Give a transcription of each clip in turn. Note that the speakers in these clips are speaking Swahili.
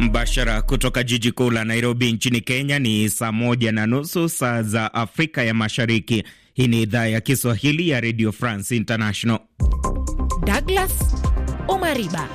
Mbashara kutoka jiji kuu la Nairobi nchini Kenya. Ni saa moja na nusu saa za Afrika ya Mashariki. Hii ni idhaa ya Kiswahili ya Radio France International. Douglas Omariba,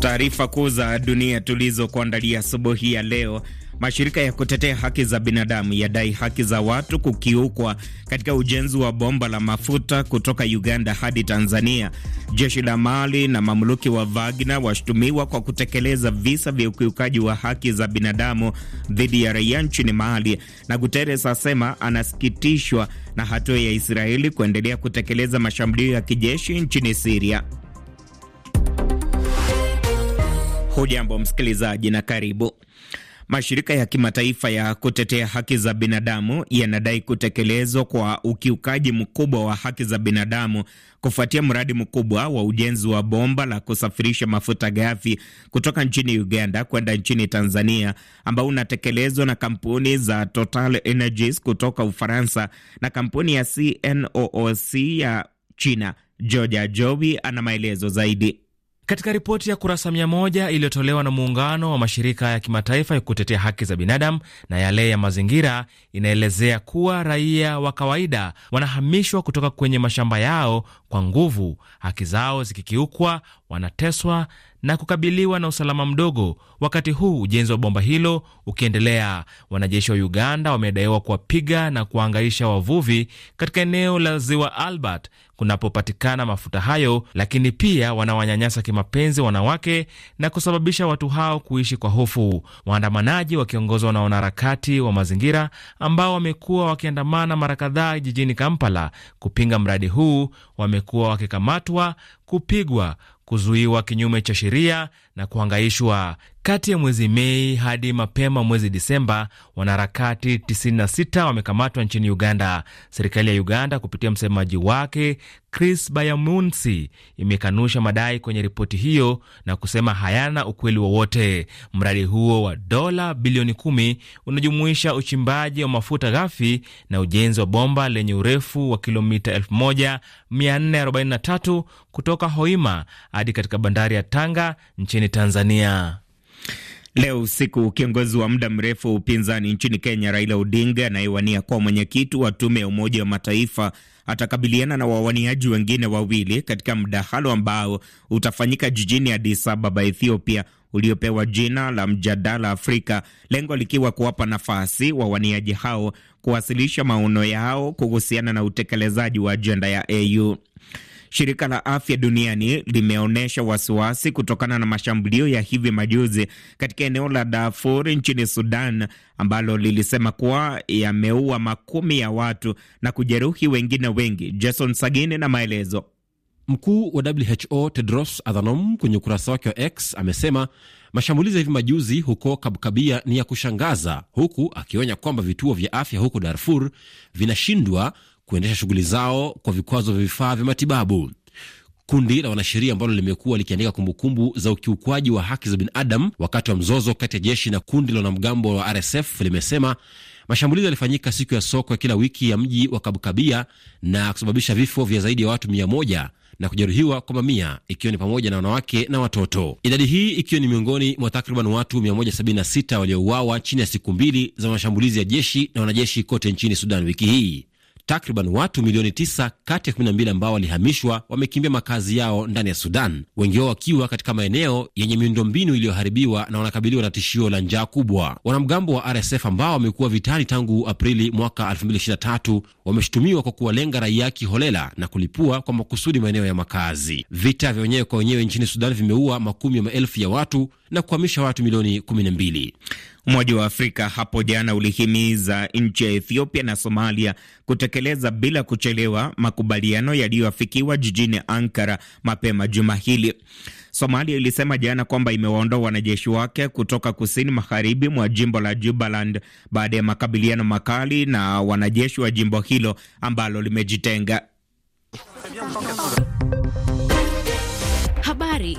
taarifa kuu za dunia tulizokuandalia asubuhi ya leo. Mashirika ya kutetea haki za binadamu yadai haki za watu kukiukwa katika ujenzi wa bomba la mafuta kutoka Uganda hadi Tanzania. Jeshi la Mali na mamluki wa Wagner washutumiwa kwa kutekeleza visa vya ukiukaji wa haki za binadamu dhidi ya raia nchini Mali, na Guterres asema anasikitishwa na hatua ya Israeli kuendelea kutekeleza mashambulio ya kijeshi nchini Siria. Hujambo msikilizaji na karibu. Mashirika ya kimataifa ya kutetea haki za binadamu yanadai kutekelezwa kwa ukiukaji mkubwa wa haki za binadamu kufuatia mradi mkubwa wa ujenzi wa bomba la kusafirisha mafuta ghafi kutoka nchini Uganda kwenda nchini Tanzania ambao unatekelezwa na kampuni za Total Energies kutoka Ufaransa na kampuni ya CNOOC ya China. Georgia jovi ana maelezo zaidi. Katika ripoti ya kurasa mia moja iliyotolewa na muungano wa mashirika ya kimataifa ya kutetea haki za binadamu na yale ya mazingira inaelezea kuwa raia wa kawaida wanahamishwa kutoka kwenye mashamba yao kwa nguvu, haki zao zikikiukwa, wanateswa na kukabiliwa na usalama mdogo. Wakati huu ujenzi wa bomba hilo ukiendelea, wanajeshi wa Uganda wamedaiwa kuwapiga na kuwaangaisha wavuvi katika eneo la ziwa Albert kunapopatikana mafuta hayo, lakini pia wanawanyanyasa kimapenzi wanawake na kusababisha watu hao kuishi kwa hofu. Waandamanaji wakiongozwa na wanaharakati wa mazingira ambao wamekuwa wakiandamana mara kadhaa jijini Kampala kupinga mradi huu wamekuwa wakikamatwa, kupigwa, kuzuiwa kinyume cha sheria na kuhangaishwa. Kati ya mwezi Mei hadi mapema mwezi Disemba, wanaharakati 96 wamekamatwa nchini Uganda. Serikali ya Uganda kupitia msemaji wake Chris Bayamunsi imekanusha madai kwenye ripoti hiyo na kusema hayana ukweli wowote. Mradi huo wa dola bilioni 10 unajumuisha uchimbaji wa mafuta ghafi na ujenzi wa bomba lenye urefu wa kilomita 1443 kutoka Hoima hadi katika bandari ya Tanga nchini nchini Tanzania. Leo usiku kiongozi wa muda mrefu wa upinzani nchini Kenya Raila Odinga anayewania kuwa mwenyekiti wa tume ya Umoja wa Mataifa atakabiliana na wawaniaji wengine wawili katika mdahalo ambao utafanyika jijini Addis Ababa, Ethiopia, uliopewa jina la Mjadala Afrika, lengo likiwa kuwapa nafasi wawaniaji hao kuwasilisha maono yao kuhusiana na utekelezaji wa ajenda ya AU. Shirika la Afya Duniani limeonyesha wasiwasi kutokana na mashambulio ya hivi majuzi katika eneo la Darfur nchini Sudan ambalo lilisema kuwa yameua makumi ya watu na kujeruhi wengine wengi. Jason Sagini na maelezo. Mkuu wa WHO Tedros Adhanom kwenye ukurasa wake wa X amesema mashambulizi ya hivi majuzi huko Kabukabia ni ya kushangaza, huku akionya kwamba vituo vya afya huko Darfur vinashindwa kuendesha shughuli zao kwa vikwazo vya vifaa vya matibabu. Kundi la wanasheria ambalo limekuwa likiandika kumbukumbu za ukiukwaji wa haki za binadamu wakati wa mzozo kati ya jeshi na kundi la wanamgambo wa RSF limesema mashambulizi yalifanyika siku ya soko ya kila wiki ya mji wa Kabukabia na kusababisha vifo vya zaidi ya watu mia moja na kujeruhiwa kwa mamia ikiwa ni pamoja na wanawake na watoto. Idadi hii ikiwa ni miongoni mwa takriban watu 176 waliouawa chini ya siku mbili za mashambulizi ya jeshi na wanajeshi kote nchini Sudan wiki hii. Takriban watu milioni 9 kati ya 12 ambao walihamishwa wamekimbia makazi yao ndani ya Sudan, wengi wao wakiwa katika maeneo yenye miundombinu iliyoharibiwa na wanakabiliwa na tishio la njaa kubwa. Wanamgambo wa RSF ambao wamekuwa vitani tangu Aprili mwaka 2023 wameshutumiwa kwa kuwalenga raia kiholela na kulipua kwa makusudi maeneo ya makazi. Vita vya wenyewe kwa wenyewe nchini Sudan vimeua makumi ya maelfu ya watu na kuhamisha watu milioni mbili. Umoja wa Afrika hapo jana ulihimiza nchi ya Ethiopia na Somalia kutekeleza bila kuchelewa makubaliano yaliyoafikiwa jijini Ankara mapema juma hili. Somalia ilisema jana kwamba imewaondoa wanajeshi wake kutoka kusini magharibi mwa jimbo la Jubaland baada ya makabiliano makali na wanajeshi wa jimbo hilo ambalo limejitenga. Habari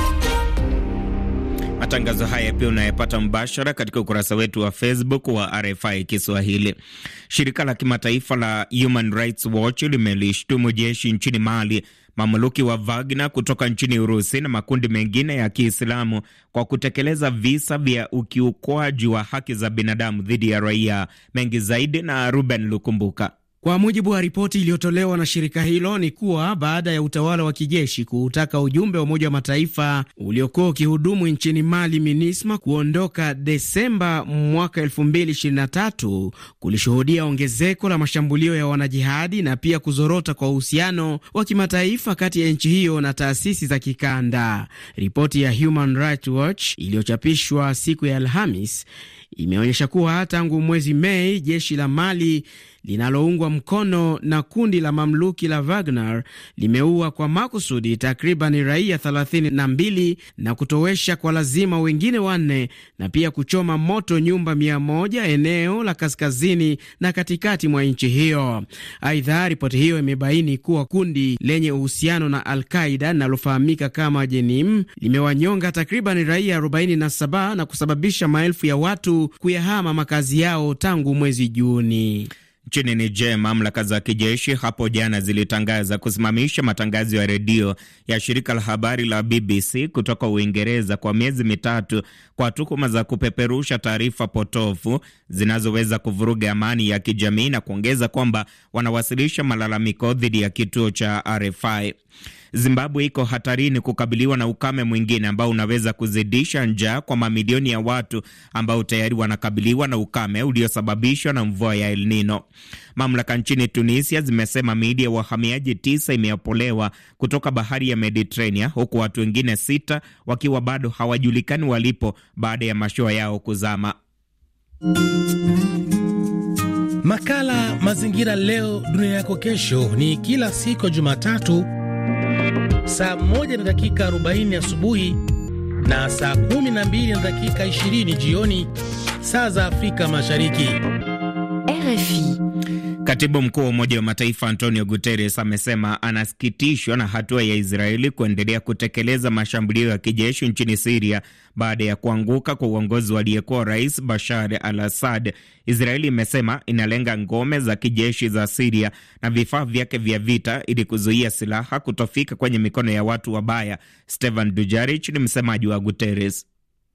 Matangazo haya pia unayapata mbashara katika ukurasa wetu wa Facebook wa RFI Kiswahili. Shirika la kimataifa la Human Rights Watch limelishtumu jeshi nchini Mali, mamluki wa Wagner kutoka nchini Urusi na makundi mengine ya Kiislamu kwa kutekeleza visa vya ukiukwaji wa haki za binadamu dhidi ya raia. Mengi zaidi na Ruben Lukumbuka. Kwa mujibu wa ripoti iliyotolewa na shirika hilo ni kuwa baada ya utawala wa kijeshi kuutaka ujumbe wa Umoja wa Mataifa uliokuwa ukihudumu nchini Mali, MINISMA, kuondoka Desemba mwaka 2023 kulishuhudia ongezeko la mashambulio ya wanajihadi na pia kuzorota kwa uhusiano wa kimataifa kati ya nchi hiyo na taasisi za kikanda. Ripoti ya Human Rights Watch iliyochapishwa siku ya Alhamis imeonyesha kuwa tangu mwezi Mei jeshi la Mali linaloungwa mkono na kundi la mamluki la Wagner limeua kwa makusudi takriban raia 32 na na kutowesha kwa lazima wengine wanne na pia kuchoma moto nyumba 1 eneo la kaskazini na katikati mwa nchi hiyo. Aidha, ripoti hiyo imebaini kuwa kundi lenye uhusiano na alqaida linalofahamika kama Jenim limewanyonga takriban raia 47 na kusababisha maelfu ya watu kuyahama makazi yao tangu mwezi Juni. Nchini Niger, mamlaka za kijeshi hapo jana zilitangaza kusimamisha matangazo ya redio ya shirika la habari la BBC kutoka Uingereza kwa miezi mitatu kwa tuhuma za kupeperusha taarifa potofu zinazoweza kuvuruga amani ya kijamii na kuongeza kwamba wanawasilisha malalamiko dhidi ya kituo cha RFI. Zimbabwe iko hatarini kukabiliwa na ukame mwingine ambao unaweza kuzidisha njaa kwa mamilioni ya watu ambao tayari wanakabiliwa na ukame uliosababishwa na mvua ya El Nino. Mamlaka nchini Tunisia zimesema miili ya wahamiaji tisa imeopolewa kutoka bahari ya Mediterania, huku watu wengine sita wakiwa bado hawajulikani walipo baada ya mashua yao kuzama. Makala Mazingira Leo Dunia Yako Kesho ni kila siku ya Jumatatu saa moja na dakika 40 asubuhi na saa kumi na dakika 20 jioni saa za Afrika Mashariki. RFI. Katibu mkuu wa Umoja wa Mataifa Antonio Guterres amesema anasikitishwa na hatua ya Israeli kuendelea kutekeleza mashambulio ya kijeshi nchini Siria baada ya kuanguka kwa uongozi wa aliyekuwa rais Bashar al Assad. Israeli imesema inalenga ngome za kijeshi za Siria na vifaa vyake vya vita ili kuzuia silaha kutofika kwenye mikono ya watu wabaya. Stephane Dujarric ni msemaji wa Guterres.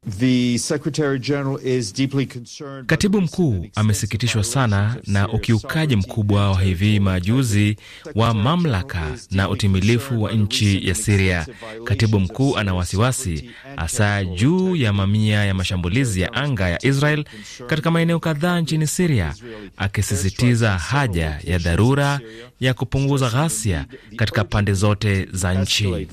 The Secretary General is deeply concerned. Katibu mkuu amesikitishwa sana na ukiukaji mkubwa wa hivi majuzi wa mamlaka na utimilifu wa nchi ya Siria. Katibu mkuu ana wasiwasi hasa juu ya mamia ya mashambulizi ya anga ya Israel katika maeneo kadhaa nchini Siria, akisisitiza haja ya dharura ya kupunguza ghasia katika pande zote za nchi.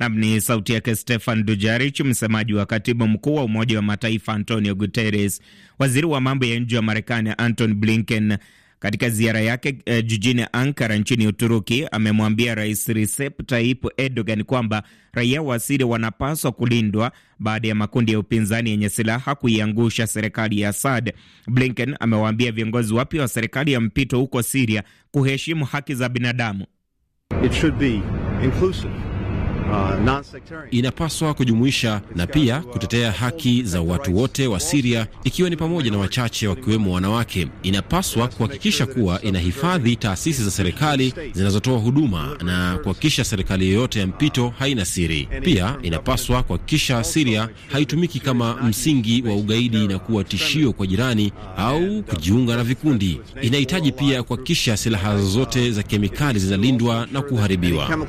Nam ni sauti yake Stefan dujarich msemaji wa katibu mkuu wa Umoja wa Mataifa Antonio Guterres. Waziri wa mambo ya nje wa Marekani Anton Blinken katika ziara yake e, jijini Ankara nchini Uturuki amemwambia Rais Recep Tayyip Erdogan kwamba raia wa Siria wanapaswa kulindwa baada ya makundi ya upinzani yenye silaha kuiangusha serikali ya Assad. Blinken amewaambia viongozi wapya wa serikali ya mpito huko Siria kuheshimu haki za binadamu. It should be inclusive. Uh, inapaswa kujumuisha na pia uh, kutetea haki za watu wote wa Siria, ikiwa ni pamoja na wachache wakiwemo wanawake. Inapaswa kuhakikisha kuwa inahifadhi taasisi za serikali zinazotoa huduma na kuhakikisha serikali yoyote ya mpito haina siri. Pia inapaswa kuhakikisha Siria haitumiki kama msingi wa ugaidi na kuwa tishio kwa jirani uh, au kujiunga na vikundi. Inahitaji pia kuhakikisha silaha zote za kemikali zinalindwa na kuharibiwa.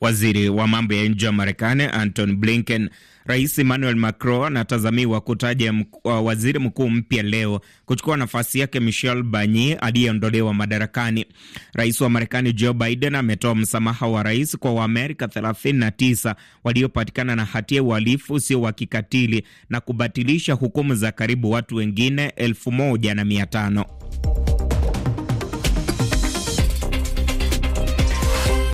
Waziri wa mambo ya nje wa Marekani Antony Blinken. Rais Emmanuel Macron anatazamiwa kutaja waziri mkuu mpya leo kuchukua nafasi yake Michel Barnier aliyeondolewa madarakani. Rais wa Marekani Joe Biden ametoa msamaha wa rais kwa Waamerika 39 waliopatikana na hatia uhalifu usio wa kikatili na kubatilisha hukumu za karibu watu wengine elfu moja na mia tano.